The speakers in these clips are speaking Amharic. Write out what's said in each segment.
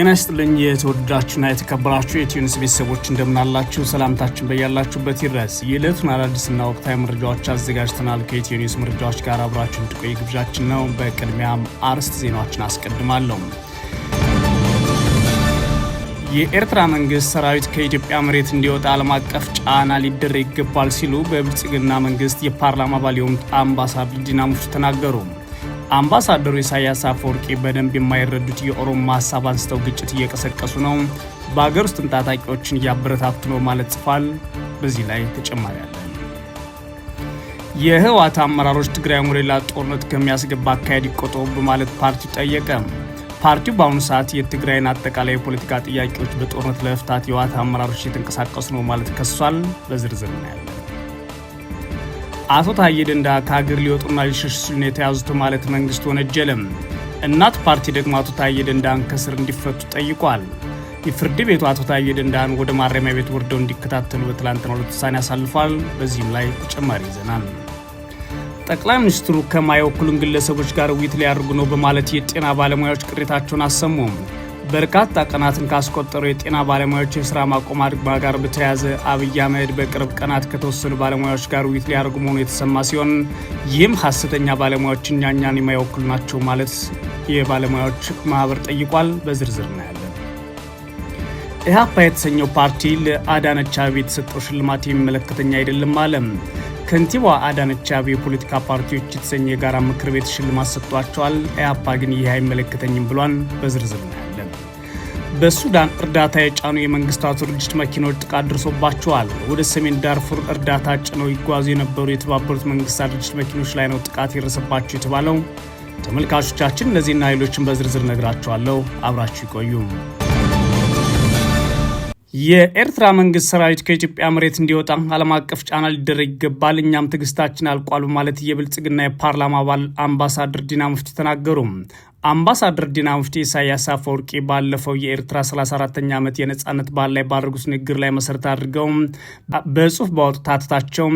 ጤና ይስጥልኝ የተወደዳችሁና የተከበራችሁ የቲዩኒስ ቤተሰቦች እንደምናላችሁ ሰላምታችን በያላችሁበት ይድረስ። የዕለቱን አዳዲስና ወቅታዊ መረጃዎች አዘጋጅተናል። ከኢትዮኒስ መረጃዎች ጋር አብራችሁ እንድቆይ ግብዣችን ነው። በቅድሚያም አርዕስት ዜናዎችን አስቀድማለሁ። የኤርትራ መንግስት ሰራዊት ከኢትዮጵያ መሬት እንዲወጣ ዓለም አቀፍ ጫና ሊደረግ ይገባል ሲሉ በብልጽግና መንግስት የፓርላማ አባል የሆኑት አምባሳደር ዲና ሙፍቲ አምባሳደሩ ኢሳያስ አፈወርቂ በደንብ የማይረዱት የኦሮሞ ሀሳብ አንስተው ግጭት እየቀሰቀሱ ነው፣ በአገር ውስጥም ታጣቂዎችን እያበረታቱ ነው ማለት ጽፏል። በዚህ ላይ ተጨማሪ አለ። የህወሓት አመራሮች ትግራይ ወደ ጦርነት ከሚያስገባ አካሄድ ይቆጠቡ በማለት ፓርቲው ጠየቀ። ፓርቲው በአሁኑ ሰዓት የትግራይን አጠቃላይ የፖለቲካ ጥያቄዎች በጦርነት ለመፍታት የህወሓት አመራሮች እየተንቀሳቀሱ ነው ማለት ከሷል። በዝርዝር እናያለን። አቶ ታዬ ደንዳ ከሀገር ሊወጡና ሊሸሽ ሲሉ የተያዙት ማለት መንግስት ወነጀለም። እናት ፓርቲ ደግሞ አቶ ታዬ ደንዳን ከስር እንዲፈቱ ጠይቋል። የፍርድ ቤቱ አቶ ታዬ ደንዳን ወደ ማረሚያ ቤት ወርደው እንዲከታተሉ በትላንትናው ዕለት ውሳኔ አሳልፏል። በዚህም ላይ ተጨማሪ ይዘናል። ጠቅላይ ሚኒስትሩ ከማይወክሉን ግለሰቦች ጋር ውይይት ሊያደርጉ ነው በማለት የጤና ባለሙያዎች ቅሬታቸውን አሰሙም። በርካታ ቀናትን ካስቆጠሩ የጤና ባለሙያዎች የስራ ማቆም አድማ ጋር በተያያዘ አብይ አህመድ በቅርብ ቀናት ከተወሰኑ ባለሙያዎች ጋር ውይይት ሊያደርጉ መሆኑ የተሰማ ሲሆን ይህም ሀሰተኛ ባለሙያዎች እኛኛን የማይወክሉ ናቸው ማለት የባለሙያዎች ማህበር ጠይቋል። በዝርዝር እናያለን። ኢህአፓ የተሰኘው ፓርቲ ለአዳነች አቤቤ የተሰጠው ሽልማት የሚመለከተኝ አይደለም አለም። ከንቲባ አዳነች አቤቤ የፖለቲካ ፓርቲዎች የተሰኘ የጋራ ምክር ቤት ሽልማት ሰጥቷቸዋል። ኢህአፓ ግን ይህ አይመለከተኝም ብሏል። በዝርዝር ነው። በሱዳን እርዳታ የጫኑ የመንግስታቱ ድርጅት መኪኖች ጥቃት ደርሶባቸዋል። ወደ ሰሜን ዳርፉር እርዳታ ጭነው ይጓዙ የነበሩ የተባበሩት መንግስታት ድርጅት መኪኖች ላይ ነው ጥቃት የደረሰባቸው የተባለው። ተመልካቾቻችን እነዚህና ሌሎችን በዝርዝር ነግራቸዋለሁ። አብራችሁ ይቆዩ። የኤርትራ መንግስት ሰራዊት ከኢትዮጵያ መሬት እንዲወጣ ዓለም አቀፍ ጫና ሊደረግ ይገባል፣ እኛም ትዕግስታችን አልቋል በማለት የብልጽግና የፓርላማ አባል አምባሳደር ዲና ሙፍቲ ተናገሩ። አምባሳደር ዲና ሙፍቲ ኢሳያስ አፈወርቂ ባለፈው የኤርትራ 34ኛ ዓመት የነጻነት በዓል ላይ ባደረጉት ንግግር ላይ መሰረት አድርገው በጽሁፍ ባወጡት አተታቸው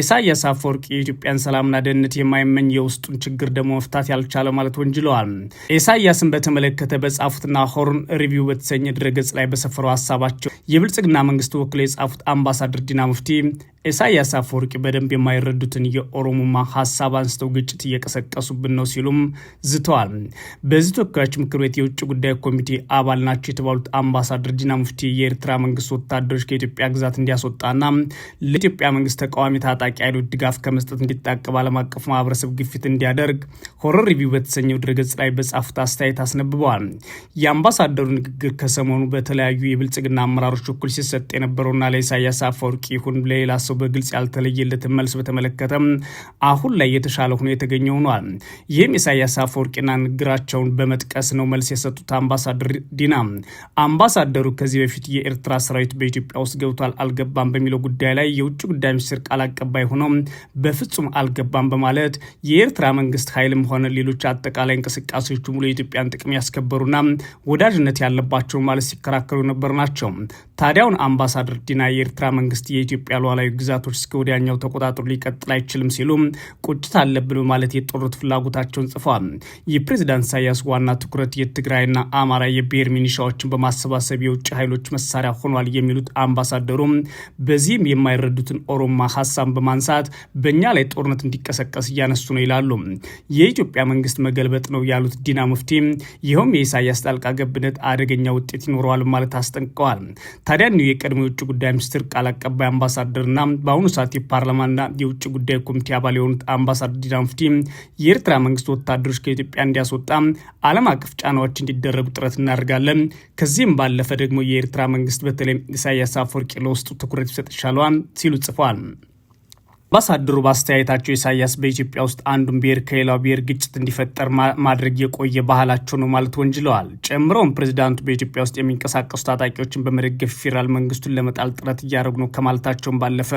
ኢሳያስ አፈወርቂ የኢትዮጵያን ሰላምና ደህንነት የማይመኝ የውስጡን ችግር ደግሞ መፍታት ያልቻለ ማለት ወንጅለዋል። ኢሳያስን በተመለከተ በጻፉትና ሆርን ሪቪው በተሰኘ ድረገጽ ላይ በሰፈረው ሀሳባቸው የብልጽግና መንግስት ወክሎ የጻፉት አምባሳደር ዲና ሙፍቲ ኢሳያስ አፈወርቂ በደንብ የማይረዱትን የኦሮሞማ ሀሳብ አንስተው ግጭት እየቀሰቀሱብን ነው ሲሉም ዝተዋል። በዚህ ተወካዮች ምክር ቤት የውጭ ጉዳይ ኮሚቴ አባል ናቸው የተባሉት አምባሳደር ዲና ሙፍቲ የኤርትራ መንግስት ወታደሮች ከኢትዮጵያ ግዛት እንዲያስወጣና ለኢትዮጵያ መንግስት ተቃዋሚ ታጣቂ ኃይሎች ድጋፍ ከመስጠት እንዲታቀብ ዓለም አቀፍ ማህበረሰብ ግፊት እንዲያደርግ ሆረር ሪቪው በተሰኘው ድረገጽ ላይ በጻፉት አስተያየት አስነብበዋል። የአምባሳደሩ ንግግር ከሰሞኑ በተለያዩ የብልጽግና አመራሮች በኩል ሲሰጥ የነበረውና ለኢሳያስ አፈወርቂ ይሁን ለሌላ ሰው ከመለሰው በግልጽ ያልተለየለት መልስ በተመለከተ አሁን ላይ የተሻለ ሆኖ የተገኘ ሆኗል። ይህም ኢሳያስ አፈወርቂና ንግግራቸውን በመጥቀስ ነው መልስ የሰጡት አምባሳደር ዲና። አምባሳደሩ ከዚህ በፊት የኤርትራ ሰራዊት በኢትዮጵያ ውስጥ ገብቷል አልገባም በሚለው ጉዳይ ላይ የውጭ ጉዳይ ሚኒስትር ቃል አቀባይ ሆኖ በፍጹም አልገባም በማለት የኤርትራ መንግስት ኃይልም ሆነ ሌሎች አጠቃላይ እንቅስቃሴዎች ሙሉ የኢትዮጵያን ጥቅም ያስከበሩና ወዳጅነት ያለባቸው ማለት ሲከራከሩ ነበር ናቸው። ታዲያውን አምባሳደር ዲና የኤርትራ መንግስት የኢትዮጵያ ሉዓላዊ ግዛቶች እስከ ወዲያኛው ተቆጣጥሮ ሊቀጥል አይችልም ሲሉም ቁጭት አለብን በማለት የጦርነት ፍላጎታቸውን ጽፏል። የፕሬዚዳንት ኢሳያስ ዋና ትኩረት የትግራይና አማራ የብሔር ሚኒሻዎችን በማሰባሰብ የውጭ ኃይሎች መሳሪያ ሆኗል የሚሉት አምባሳደሩም በዚህም የማይረዱትን ኦሮማ ሀሳብ በማንሳት በእኛ ላይ ጦርነት እንዲቀሰቀስ እያነሱ ነው ይላሉ። የኢትዮጵያ መንግስት መገልበጥ ነው ያሉት ዲና ሙፍቲ ይኸውም የኢሳያስ ጣልቃ ገብነት አደገኛ ውጤት ይኖረዋል ማለት አስጠንቅቀዋል። ታዲያ ነው የቀድሞ የውጭ ጉዳይ ሚኒስትር ቃል አቀባይ አምባሳደርና በአሁኑ ሰዓት የፓርላማና የውጭ ጉዳይ ኮሚቴ አባል የሆኑት አምባሳደር ዲና ሙፍቲ የኤርትራ መንግስት ወታደሮች ከኢትዮጵያ እንዲያስወጣ ዓለም አቀፍ ጫናዎች እንዲደረጉ ጥረት እናደርጋለን። ከዚህም ባለፈ ደግሞ የኤርትራ መንግስት በተለይ ኢሳያስ አፈወርቂ ለውስጡ ትኩረት ይሰጥ ይሻለዋል ሲሉ ጽፏል። አምባሳደሩ በአስተያየታቸው ኢሳያስ በኢትዮጵያ ውስጥ አንዱን ብሔር ከሌላው ብሔር ግጭት እንዲፈጠር ማድረግ የቆየ ባህላቸው ነው ማለት ወንጅለዋል። ጨምረውም ፕሬዚዳንቱ በኢትዮጵያ ውስጥ የሚንቀሳቀሱ ታጣቂዎችን በመደገፍ ፌዴራል መንግስቱን ለመጣል ጥረት እያደረጉ ነው ከማለታቸውን ባለፈ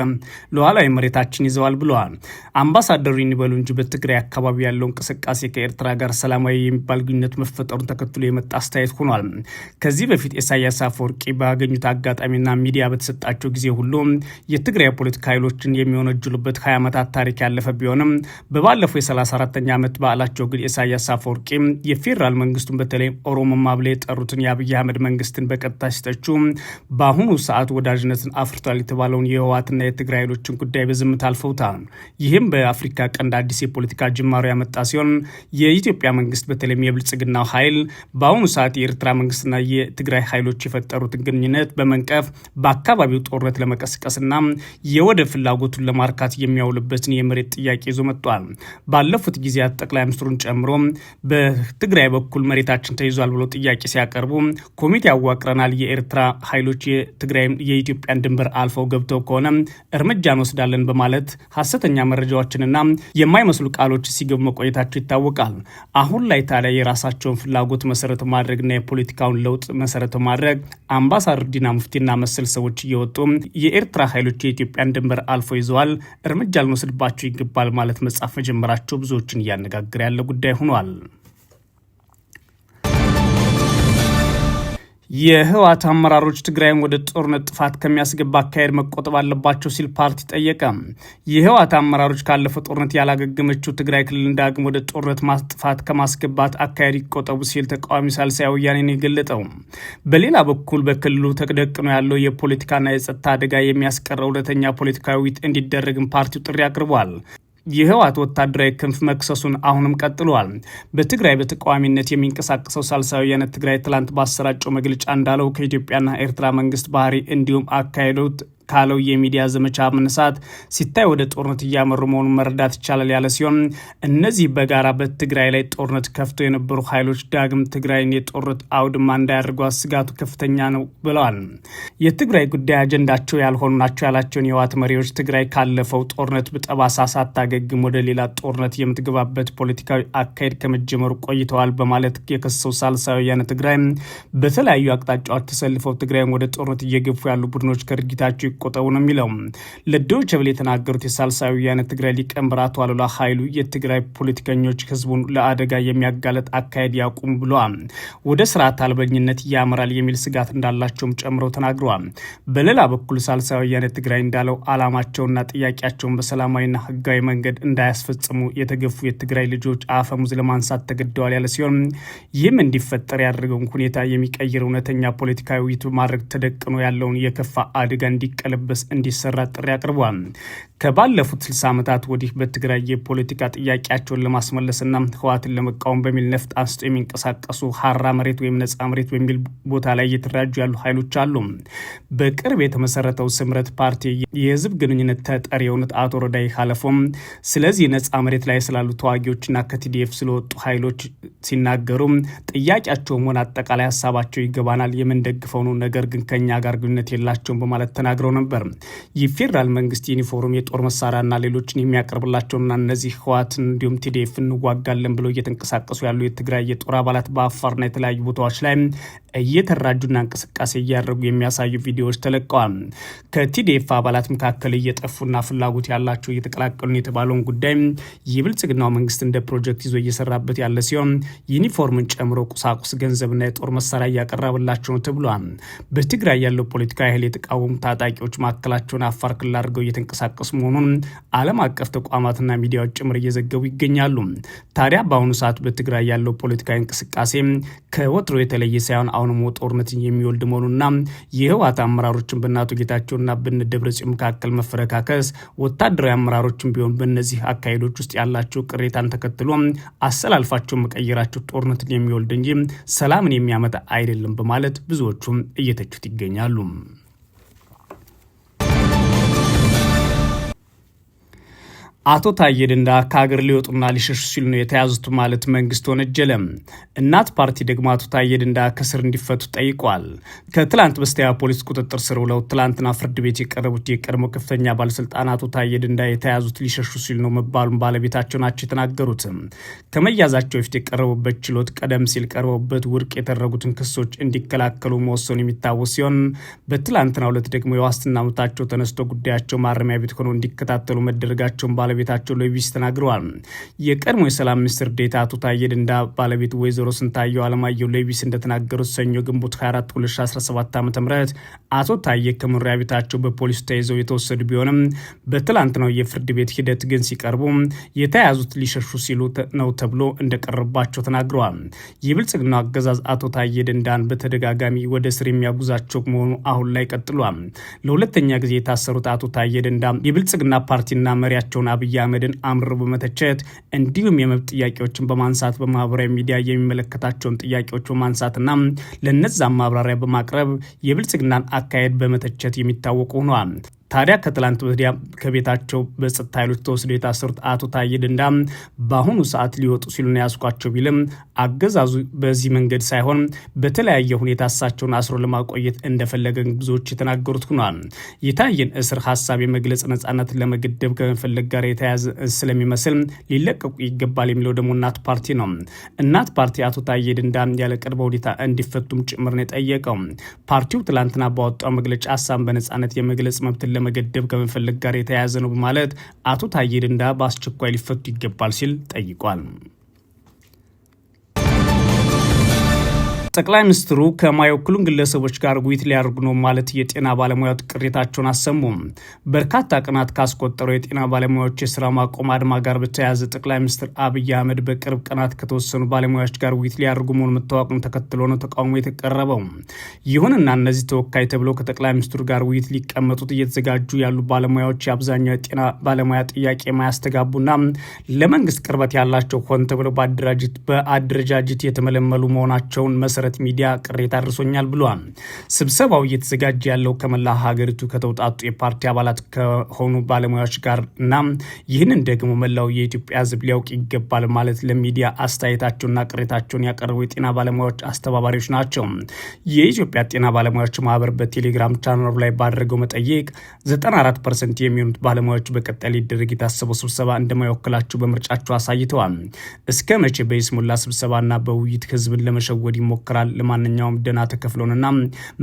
ሉዓላዊ መሬታችን ይዘዋል ብለዋል። አምባሳደሩ ይንበሉ እንጂ በትግራይ አካባቢ ያለው እንቅስቃሴ ከኤርትራ ጋር ሰላማዊ የሚባል ግንኙነት መፈጠሩን ተከትሎ የመጣ አስተያየት ሆኗል። ከዚህ በፊት ኢሳያስ አፈወርቂ ባገኙት አጋጣሚና ሚዲያ በተሰጣቸው ጊዜ ሁሉ የትግራይ ፖለቲካ ኃይሎችን የሚወነጅሉበት ከ20 ዓመታት ታሪክ ያለፈ ቢሆንም በባለፈው የ34ኛ ዓመት በዓላቸው ግን ኢሳያስ አፈወርቂ የፌዴራል መንግስቱን በተለይ ኦሮሞማ ብለው የጠሩትን የአብይ አህመድ መንግስትን በቀጥታ ሲተቹ በአሁኑ ሰዓት ወዳጅነትን አፍርቷል የተባለውን የህወሓትና የትግራይ ኃይሎችን ጉዳይ በዝምታ አልፈውታል። ይህም በአፍሪካ ቀንድ አዲስ የፖለቲካ ጅማሮ ያመጣ ሲሆን የኢትዮጵያ መንግስት በተለይም የብልጽግናው ኃይል በአሁኑ ሰዓት የኤርትራ መንግስትና የትግራይ ኃይሎች የፈጠሩትን ግንኙነት በመንቀፍ በአካባቢው ጦርነት ለመቀስቀስና የወደ ፍላጎቱን ለማርካት የሚያውልበትን የመሬት ጥያቄ ይዞ መጥቷል። ባለፉት ጊዜያት ጠቅላይ ሚኒስትሩን ጨምሮ በትግራይ በኩል መሬታችን ተይዟል ብሎ ጥያቄ ሲያቀርቡ ኮሚቴ አዋቅረናል፣ የኤርትራ ኃይሎች የትግራይ የኢትዮጵያን ድንበር አልፈው ገብተው ከሆነ እርምጃ እንወስዳለን በማለት ሀሰተኛ መረጃዎችንና የማይመስሉ ቃሎች ሲገቡ መቆየታቸው ይታወቃል። አሁን ላይ ታዲያ የራሳቸውን ፍላጎት መሰረት ማድረግና የፖለቲካውን ለውጥ መሰረት ማድረግ አምባሳደር ዲና ሙፍቲና መሰል ሰዎች እየወጡ የኤርትራ ኃይሎች የኢትዮጵያን ድንበር አልፎ ይዘዋል፣ እርምጃ ልንወስድባቸው ይገባል ማለት መጻፍ መጀመራቸው ብዙዎችን እያነጋገረ ያለ ጉዳይ ሆኗል። የህወሓት አመራሮች ትግራይን ወደ ጦርነት ጥፋት ከሚያስገባ አካሄድ መቆጠብ አለባቸው ሲል ፓርቲ ጠየቀ። የህወሓት አመራሮች ካለፈው ጦርነት ያላገገመችው ትግራይ ክልል እንዳግም ወደ ጦርነት ማጥፋት ከማስገባት አካሄድ ይቆጠቡ ሲል ተቃዋሚ ሳልሳይ ወያኔን የገለጠው። በሌላ በኩል በክልሉ ተደቅኖ ያለው የፖለቲካና የጸጥታ አደጋ የሚያስቀረው ሁለተኛ ፖለቲካዊ ውይይት እንዲደረግም ፓርቲው ጥሪ አቅርቧል። የህወሓት ወታደራዊ ክንፍ መክሰሱን አሁንም ቀጥሏል። በትግራይ በተቃዋሚነት የሚንቀሳቀሰው ሳልሳዊ ወያነ ትግራይ ትላንት ባሰራጨው መግለጫ እንዳለው ከኢትዮጵያና ኤርትራ መንግስት ባህሪ እንዲሁም አካሄዱት ካለው የሚዲያ ዘመቻ መነሳት ሲታይ ወደ ጦርነት እያመሩ መሆኑን መረዳት ይቻላል ያለ ሲሆን እነዚህ በጋራ በትግራይ ላይ ጦርነት ከፍቶ የነበሩ ኃይሎች ዳግም ትግራይን የጦርነት አውድማ እንዳያደርጓት ስጋቱ ከፍተኛ ነው ብለዋል። የትግራይ ጉዳይ አጀንዳቸው ያልሆኑ ናቸው ያላቸውን የህወሓት መሪዎች ትግራይ ካለፈው ጦርነት በጠባሳ ሳታገግም ወደ ሌላ ጦርነት የምትገባበት ፖለቲካዊ አካሄድ ከመጀመሩ ቆይተዋል በማለት የከሰው ሳልሳዊ ወያነ ትግራይ በተለያዩ አቅጣጫዎች ተሰልፈው ትግራይን ወደ ጦርነት እየገፉ ያሉ ቡድኖች ከድርጊታቸው ይቆጠቡ ነው የሚለው ለዶች ብል የተናገሩት የሳልሳዊ ወያነ ትግራይ ሊቀመንበር አቶ አሉላ ኃይሉ የትግራይ ፖለቲከኞች ህዝቡን ለአደጋ የሚያጋለጥ አካሄድ ያቁም ብለዋል። ወደ ስርዓት አልበኝነት ያመራል የሚል ስጋት እንዳላቸውም ጨምረው ተናግረዋል። በሌላ በኩል ሳልሳዊ ወያነ ትግራይ እንዳለው አላማቸውና ጥያቄያቸውን በሰላማዊና ህጋዊ መንገድ እንዳያስፈጽሙ የተገፉ የትግራይ ልጆች አፈሙዝ ለማንሳት ተገደዋል ያለ ሲሆን ይህም እንዲፈጠር ያደርገውን ሁኔታ የሚቀይር እውነተኛ ፖለቲካዊ ውይይት ማድረግ ተደቅኖ ያለውን የከፋ አደጋ እንዲቀ ቀለበስ እንዲሰራ ጥሪ አቅርቧል። ከባለፉት 60 ዓመታት ወዲህ በትግራይ የፖለቲካ ጥያቄያቸውን ለማስመለስና ህወሓትን ለመቃወም በሚል ነፍጥ አንስቶ የሚንቀሳቀሱ ሀራ መሬት ወይም ነጻ መሬት በሚል ቦታ ላይ እየተደራጁ ያሉ ኃይሎች አሉ። በቅርብ የተመሰረተው ስምረት ፓርቲ የህዝብ ግንኙነት ተጠሪ የሆኑት አቶ ረዳይ ሀለፎም ስለዚህ ነጻ መሬት ላይ ስላሉ ተዋጊዎችና ከቲዲኤፍ ስለወጡ ኃይሎች ሲናገሩ ጥያቄያቸውም ሆነ አጠቃላይ ሀሳባቸው ይገባናል፣ የምንደግፈው ነው፣ ነገር ግን ከኛ ጋር ግንኙነት የላቸውም በማለት ተናግረው ነበር። የፌዴራል መንግስት ዩኒፎርም፣ የጦር መሳሪያና ሌሎችን የሚያቀርብላቸውና እነዚህ ህወሓትን እንዲሁም ቲዲኤፍ እንዋጋለን ብለው እየተንቀሳቀሱ ያሉ የትግራይ የጦር አባላት በአፋርና የተለያዩ ቦታዎች ላይ እየተራጁና እንቅስቃሴ እያደረጉ የሚያሳዩ ቪዲዮዎች ተለቀዋል። ከቲዲኤፍ አባላት መካከል እየጠፉና ፍላጎት ያላቸው እየተቀላቀሉ የተባለውን ጉዳይ የብልጽግናው መንግስት እንደ ፕሮጀክት ይዞ እየሰራበት ያለ ሲሆን ዩኒፎርምን ጨምሮ ቁሳቁስ፣ ገንዘብና የጦር መሳሪያ እያቀረበላቸው ነው ተብሏል። በትግራይ ያለው ፖለቲካዊ ኃይል የተቃወሙ ታጣቂዎች ኃይሎች ማዕከላቸውን አፋር ክልል አድርገው እየተንቀሳቀሱ መሆኑን ዓለም አቀፍ ተቋማትና ሚዲያዎች ጭምር እየዘገቡ ይገኛሉ። ታዲያ በአሁኑ ሰዓት በትግራይ ያለው ፖለቲካዊ እንቅስቃሴ ከወትሮ የተለየ ሳይሆን አሁንም ጦርነትን የሚወልድ መሆኑና የህወሓት አመራሮችን በናቶ ጌታቸውና በነ ደብረጽዮን መካከል መፈረካከስ፣ ወታደራዊ አመራሮችን ቢሆን በእነዚህ አካሄዶች ውስጥ ያላቸው ቅሬታን ተከትሎ አሰላልፋቸው መቀየራቸው ጦርነትን የሚወልድ እንጂ ሰላምን የሚያመጣ አይደለም በማለት ብዙዎቹም እየተቹት ይገኛሉ። አቶ ታዬ ደንዳ ከሀገር ሊወጡና ሊሸሹ ሲሉ ነው የተያዙት ማለት መንግስት ወነጀለ። እናት ፓርቲ ደግሞ አቶ ታዬ ደንዳ ከስር እንዲፈቱ ጠይቋል። ከትላንት በስቲያ ፖሊስ ቁጥጥር ስር ውለው ትላንትና ፍርድ ቤት የቀረቡት የቀድሞ ከፍተኛ ባለስልጣን አቶ ታዬ ደንዳ የተያዙት ሊሸሹ ሲሉ ነው መባሉን ባለቤታቸው ናቸው የተናገሩት። ከመያዛቸው በፊት የቀረቡበት ችሎት ቀደም ሲል ቀርበውበት ውድቅ የተደረጉትን ክሶች እንዲከላከሉ መወሰኑ የሚታወስ ሲሆን በትላንትና ሁለት ደግሞ የዋስትና መብታቸው ተነስቶ ጉዳያቸው ማረሚያ ቤት ሆነው እንዲከታተሉ መደረጋቸውን ባለቤ ባለቤታቸው ለቢቢሲ ተናግረዋል። የቀድሞ የሰላም ሚኒስትር ዴታ አቶ ታዬ ደንዳ ባለቤት ወይዘሮ ስንታየው አለማየሁ ለቢቢሲ እንደተናገሩት ሰኞ ግንቦት 24 2017 ዓ ም አቶ ታዬ ከመኖሪያ ቤታቸው በፖሊስ ተይዘው የተወሰዱ ቢሆንም በትላንትናው የፍርድ ቤት ሂደት ግን ሲቀርቡ የተያዙት ሊሸሹ ሲሉ ነው ተብሎ እንደቀረባቸው ተናግረዋል። የብልጽግናው አገዛዝ አቶ ታዬ ደንዳን በተደጋጋሚ ወደ ስር የሚያጉዛቸው መሆኑ አሁን ላይ ቀጥሏል። ለሁለተኛ ጊዜ የታሰሩት አቶ ታዬ ደንዳ የብልጽግና ፓርቲና መሪያቸውን አብይ አብይ አህመድን አምርሮ በመተቸት እንዲሁም የመብት ጥያቄዎችን በማንሳት በማህበራዊ ሚዲያ የሚመለከታቸውን ጥያቄዎች በማንሳትና ለነዛም ማብራሪያ በማቅረብ የብልጽግናን አካሄድ በመተቸት የሚታወቁ ሆኗል። ታዲያ ከትላንት ወዲያ ከቤታቸው በጸጥታ ኃይሎች ተወስደው የታሰሩት አቶ ታዬ ደንዳ በአሁኑ ሰዓት ሊወጡ ሲሉ ነው ያስኳቸው ቢልም አገዛዙ በዚህ መንገድ ሳይሆን በተለያየ ሁኔታ እሳቸውን አስሮ ለማቆየት እንደፈለገ ብዙዎች የተናገሩት ሆኗል። የታየን እስር ሀሳብ የመግለጽ ነጻነት ለመገደብ ከመፈለግ ጋር የተያያዘ ስለሚመስል ሊለቀቁ ይገባል የሚለው ደግሞ እናት ፓርቲ ነው። እናት ፓርቲ አቶ ታዬ ደንዳ ያለ ቅድመ ሁኔታ እንዲፈቱም ጭምር ነው የጠየቀው። ፓርቲው ትላንትና ባወጣው መግለጫ ሀሳብ በነጻነት የመግለጽ መብትን ለመገደብ ከመፈለግ ጋር የተያያዘ ነው በማለት አቶ ታዬ ደንዳ በአስቸኳይ ሊፈቱ ይገባል ሲል ጠይቋል። ጠቅላይ ሚኒስትሩ ከማይወክሉን ግለሰቦች ጋር ውይይት ሊያደርጉ ነው ማለት የጤና ባለሙያዎች ቅሬታቸውን አሰሙም። በርካታ ቀናት ካስቆጠረው የጤና ባለሙያዎች የስራ ማቆም አድማ ጋር በተያያዘ ጠቅላይ ሚኒስትር አብይ አህመድ በቅርብ ቀናት ከተወሰኑ ባለሙያዎች ጋር ውይይት ሊያደርጉ መሆኑን መታወቁን ተከትሎ ነው ተቃውሞ የተቀረበው። ይሁንና እነዚህ ተወካይ ተብለው ከጠቅላይ ሚኒስትሩ ጋር ውይይት ሊቀመጡት እየተዘጋጁ ያሉ ባለሙያዎች የአብዛኛው የጤና ባለሙያ ጥያቄ የማያስተጋቡና ለመንግስት ቅርበት ያላቸው ሆን ተብለው በአደራጅት በአደረጃጀት የተመለመሉ መሆናቸውን መሰረት መሰረት ሚዲያ ቅሬታ አድርሶኛል ብሏል። ስብሰባው እየተዘጋጀ ያለው ከመላ ሀገሪቱ ከተውጣጡ የፓርቲ አባላት ከሆኑ ባለሙያዎች ጋር እና ይህንን ደግሞ መላው የኢትዮጵያ ሕዝብ ሊያውቅ ይገባል ማለት ለሚዲያ አስተያየታቸውና ቅሬታቸውን ያቀረቡ የጤና ባለሙያዎች አስተባባሪዎች ናቸው። የኢትዮጵያ ጤና ባለሙያዎች ማህበር በቴሌግራም ቻናሉ ላይ ባደረገው መጠይቅ 94 ፐርሰንት የሚሆኑት ባለሙያዎች በቀጣይ ሊደረግ የታሰበው ስብሰባ እንደማይወክላቸው በምርጫቸው አሳይተዋል። እስከ መቼ በይስሙላ ስብሰባና በውይይት ህዝብን ለመሸወድ ይሞክራል ይኖራል። ለማንኛውም ደና ተከፍሎንና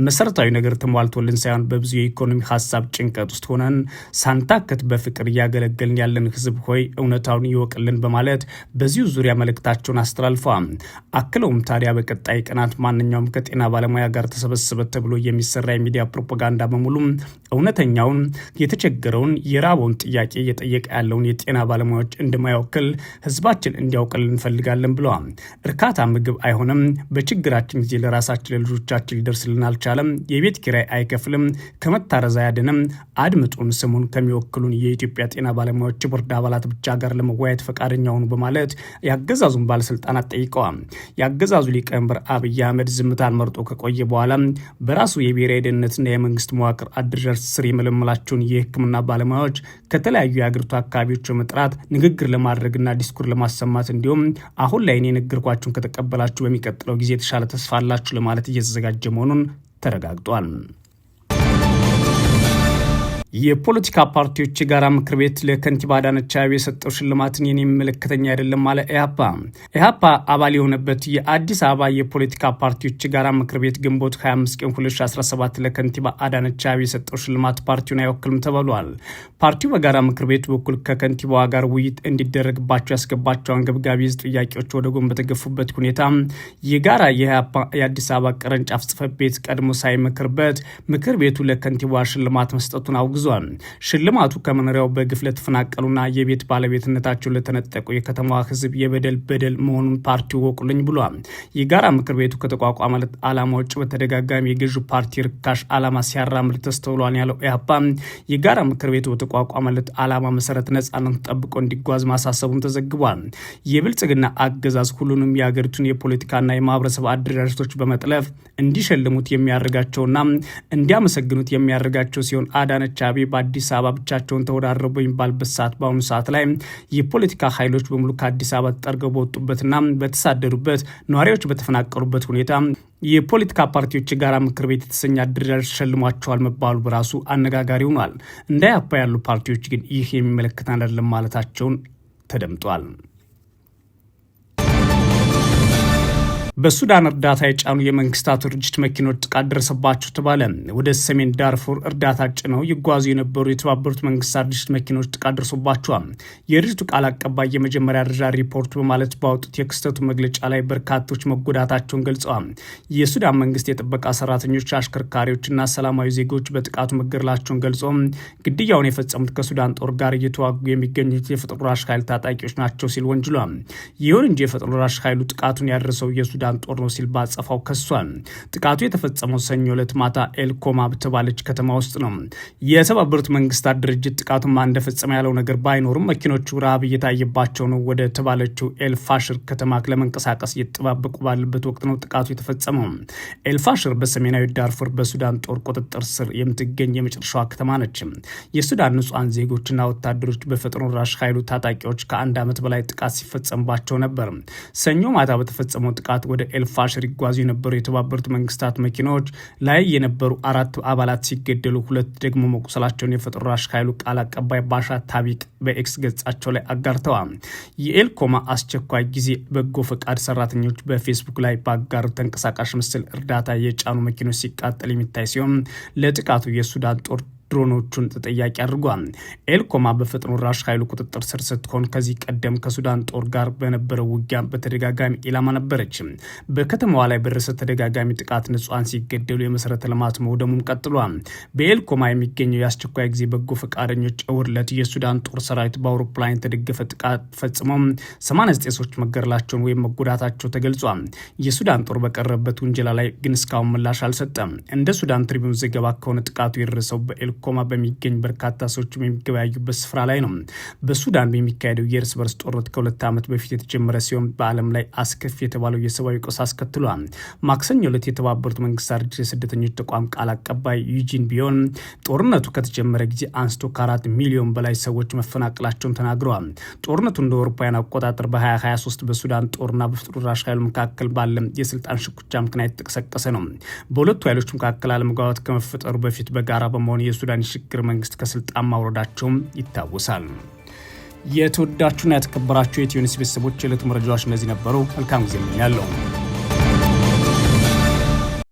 መሰረታዊ ነገር ተሟልቶልን ሳይሆን በብዙ የኢኮኖሚ ሀሳብ ጭንቀት ውስጥ ሆነን ሳንታከት በፍቅር እያገለገልን ያለን ህዝብ ሆይ እውነታውን ይወቅልን በማለት በዚሁ ዙሪያ መልእክታቸውን አስተላልፈዋል። አክለውም ታዲያ በቀጣይ ቀናት ማንኛውም ከጤና ባለሙያ ጋር ተሰበሰበ ተብሎ የሚሰራ የሚዲያ ፕሮፓጋንዳ በሙሉ እውነተኛውን የተቸገረውን የራበውን ጥያቄ እየጠየቀ ያለውን የጤና ባለሙያዎች እንደማይወክል ህዝባችን እንዲያውቅልን እንፈልጋለን ብለዋል። እርካታ ምግብ አይሆንም። በችግር በችግራችን ጊዜ ለራሳችን ለልጆቻችን ሊደርስልን አልቻለም። የቤት ኪራይ አይከፍልም፣ ከመታረዝ አያድንም። አድምጡን፣ ስሙን ከሚወክሉን የኢትዮጵያ ጤና ባለሙያዎች ቦርድ አባላት ብቻ ጋር ለመወያየት ፈቃደኛ ሆኑ በማለት የአገዛዙን ባለስልጣናት ጠይቀዋል። የአገዛዙ ሊቀመንበር አብይ አህመድ ዝምታን መርጦ ከቆየ በኋላ በራሱ የብሔራዊ ደህንነትና የመንግስት መዋቅር አደረጃጀት ስር የመለመላቸውን የህክምና ባለሙያዎች ከተለያዩ የአገሪቱ አካባቢዎች በመጥራት ንግግር ለማድረግና ዲስኩር ለማሰማት እንዲሁም አሁን ላይ እኔ የነገርኳችሁን ከተቀበላችሁ በሚቀጥለው ጊዜ የተሻለ ተስፋ አላችሁ ለማለት እየተዘጋጀ መሆኑን ተረጋግጧል። የፖለቲካ ፓርቲዎች የጋራ ምክር ቤት ለከንቲባ አዳነች አቤቤ የሰጠው ሽልማትን የኔ የሚመለከተኝ አይደለም አለ ኢህአፓ። ኢህአፓ አባል የሆነበት የአዲስ አበባ የፖለቲካ ፓርቲዎች የጋራ ምክር ቤት ግንቦት 25 ቀን 2017 ለከንቲባ አዳነች አቤቤ የሰጠው ሽልማት ፓርቲውን አይወክልም ተብሏል። ፓርቲው በጋራ ምክር ቤቱ በኩል ከከንቲባዋ ጋር ውይይት እንዲደረግባቸው ያስገባቸው አንገብጋቢ ህዝብ ጥያቄዎች ወደ ጎን በተገፉበት ሁኔታ የጋራ የአዲስ አበባ ቅርንጫፍ ጽህፈት ቤት ቀድሞ ሳይመክርበት ምክር ቤቱ ለከንቲባ ሽልማት መስጠቱን አውግ አውግዟል። ሽልማቱ ከመኖሪያው በግፍ ለተፈናቀሉና የቤት ባለቤትነታቸው ለተነጠቁ የከተማዋ ህዝብ የበደል በደል መሆኑን ፓርቲው ወቁልኝ ብሏል። የጋራ ምክር ቤቱ ከተቋቋመ ዓላማ ውጭ በተደጋጋሚ የገዢ ፓርቲ ርካሽ ዓላማ ሲያራምድ ተስተውሏል ያለው ኢህአፓ የጋራ ምክር ቤቱ በተቋቋመለት ዓላማ መሰረት ነጻነቱ ጠብቆ እንዲጓዝ ማሳሰቡን ተዘግቧል። የብልጽግና አገዛዝ ሁሉንም የአገሪቱን የፖለቲካና የማህበረሰብ አደረጃጀቶች በመጥለፍ እንዲሸልሙት የሚያደርጋቸውና እንዲያመሰግኑት የሚያደርጋቸው ሲሆን አዳነቻ አካባቢ በአዲስ አበባ ብቻቸውን ተወዳድረው በሚባልበት ሰዓት በአሁኑ ሰዓት ላይ የፖለቲካ ኃይሎች በሙሉ ከአዲስ አበባ ተጠርገው በወጡበትና በተሳደዱበት ነዋሪዎች በተፈናቀሉበት ሁኔታ የፖለቲካ ፓርቲዎች የጋራ ምክር ቤት የተሰኘ አደረጃጀት ተሸልሟቸዋል መባሉ በራሱ አነጋጋሪ ሆኗል። እንደ ያፓ ያሉ ፓርቲዎች ግን ይህ የሚመለከት አይደለም ማለታቸውን ተደምጧል። በሱዳን እርዳታ የጫኑ የመንግስታቱ ድርጅት መኪኖች ጥቃት ደረሰባቸው ተባለ። ወደ ሰሜን ዳርፉር እርዳታ ጭነው ይጓዙ የነበሩ የተባበሩት መንግስታት ድርጅት መኪኖች ጥቃት ደርሶባቸዋል። የድርጅቱ ቃል አቀባይ የመጀመሪያ ደረጃ ሪፖርት በማለት ባወጡት የክስተቱ መግለጫ ላይ በርካቶች መጎዳታቸውን ገልጸዋል። የሱዳን መንግስት የጥበቃ ሰራተኞች፣ አሽከርካሪዎች አሽከርካሪዎችና ሰላማዊ ዜጎች በጥቃቱ መገደላቸውን ገልጾ ግድያውን የፈጸሙት ከሱዳን ጦር ጋር እየተዋጉ የሚገኙት የፈጥኖ ደራሽ ኃይል ታጣቂዎች ናቸው ሲል ወንጅሏል። ይሁን እንጂ የፈጥኖ ደራሽ ኃይሉ ጥቃቱን ያደረሰው የሱዳን ሱዳን ጦር ነው ሲል ባጸፋው ከሷል። ጥቃቱ የተፈጸመው ሰኞ ዕለት ማታ ኤልኮማ በተባለች ከተማ ውስጥ ነው። የተባበሩት መንግስታት ድርጅት ጥቃቱን ማን እንደፈጸመ ያለው ነገር ባይኖርም መኪኖቹ ረሃብ እየታየባቸው ነው ወደ ተባለችው ኤልፋሽር ከተማ ለመንቀሳቀስ እየተጠባበቁ ባለበት ወቅት ነው ጥቃቱ የተፈጸመው። ኤልፋሽር በሰሜናዊ ዳርፉር በሱዳን ጦር ቁጥጥር ስር የምትገኝ የመጨረሻዋ ከተማ ነች። የሱዳን ንጹሐን ዜጎችና ወታደሮች በፈጥኖ ራሽ ኃይሉ ታጣቂዎች ከአንድ ዓመት በላይ ጥቃት ሲፈጸምባቸው ነበር። ሰኞ ማታ በተፈጸመው ጥቃት ወደ ኤልፋሽር ይጓዙ የነበሩ የተባበሩት መንግስታት መኪናዎች ላይ የነበሩ አራት አባላት ሲገደሉ ሁለት ደግሞ መቁሰላቸውን የፈጥኖ ደራሽ ኃይሉ ቃል አቀባይ ባሻ ታቢቅ በኤክስ ገጻቸው ላይ አጋርተዋል። የኤልኮማ አስቸኳይ ጊዜ በጎ ፈቃድ ሰራተኞች በፌስቡክ ላይ ባጋሩ ተንቀሳቃሽ ምስል እርዳታ የጫኑ መኪኖች ሲቃጠል የሚታይ ሲሆን ለጥቃቱ የሱዳን ጦር ድሮኖቹን ተጠያቂ አድርጓል። ኤልኮማ በፈጥኖ ራሽ ኃይሉ ቁጥጥር ስር ስትሆን ከዚህ ቀደም ከሱዳን ጦር ጋር በነበረው ውጊያ በተደጋጋሚ ኢላማ ነበረች። በከተማዋ ላይ በደረሰ ተደጋጋሚ ጥቃት ንጹሐን ሲገደሉ የመሰረተ ልማት መውደሙም ቀጥሏል። በኤልኮማ የሚገኘው የአስቸኳይ ጊዜ በጎ ፈቃደኞች እውርለት የሱዳን ጦር ሰራዊት በአውሮፕላን የተደገፈ ጥቃት ፈጽመው 89 ሰዎች መገደላቸውን ወይም መጎዳታቸው ተገልጿል። የሱዳን ጦር በቀረበበት ውንጀላ ላይ ግን እስካሁን ምላሽ አልሰጠም። እንደ ሱዳን ትሪቢዩን ዘገባ ከሆነ ጥቃቱ የደረሰው በኤል በድኮማ በሚገኝ በርካታ ሰዎችም የሚገበያዩበት ስፍራ ላይ ነው። በሱዳን የሚካሄደው የእርስ በርስ ጦርነት ከሁለት ዓመት በፊት የተጀመረ ሲሆን በዓለም ላይ አስከፊ የተባለው የሰብአዊ ቀውስ አስከትሏል። ማክሰኞ ዕለት የተባበሩት መንግስታት ድርጅት የስደተኞች ተቋም ቃል አቀባይ ዩጂን ቢዮን ጦርነቱ ከተጀመረ ጊዜ አንስቶ ከአራት ሚሊዮን በላይ ሰዎች መፈናቀላቸውን ተናግረዋል። ጦርነቱ እንደ አውሮፓውያን አቆጣጠር በ2023 በሱዳን ጦርና በፍጥሩ ራሽ ኃይሉ መካከል ባለ የስልጣን ሽኩቻ ምክንያት የተቀሰቀሰ ነው። በሁለቱ ኃይሎች መካከል አለመግባባት ከመፈጠሩ በፊት በጋራ በመሆን የሱ የሱዳን የሽግግር መንግስት ከስልጣን ማውረዳቸውም ይታወሳል። የተወዳችሁና የተከበራችሁ የኢትዮ ኒውስ ቤተሰቦች የዕለት መረጃዎች እነዚህ ነበሩ። መልካም ጊዜ እመኛለሁ።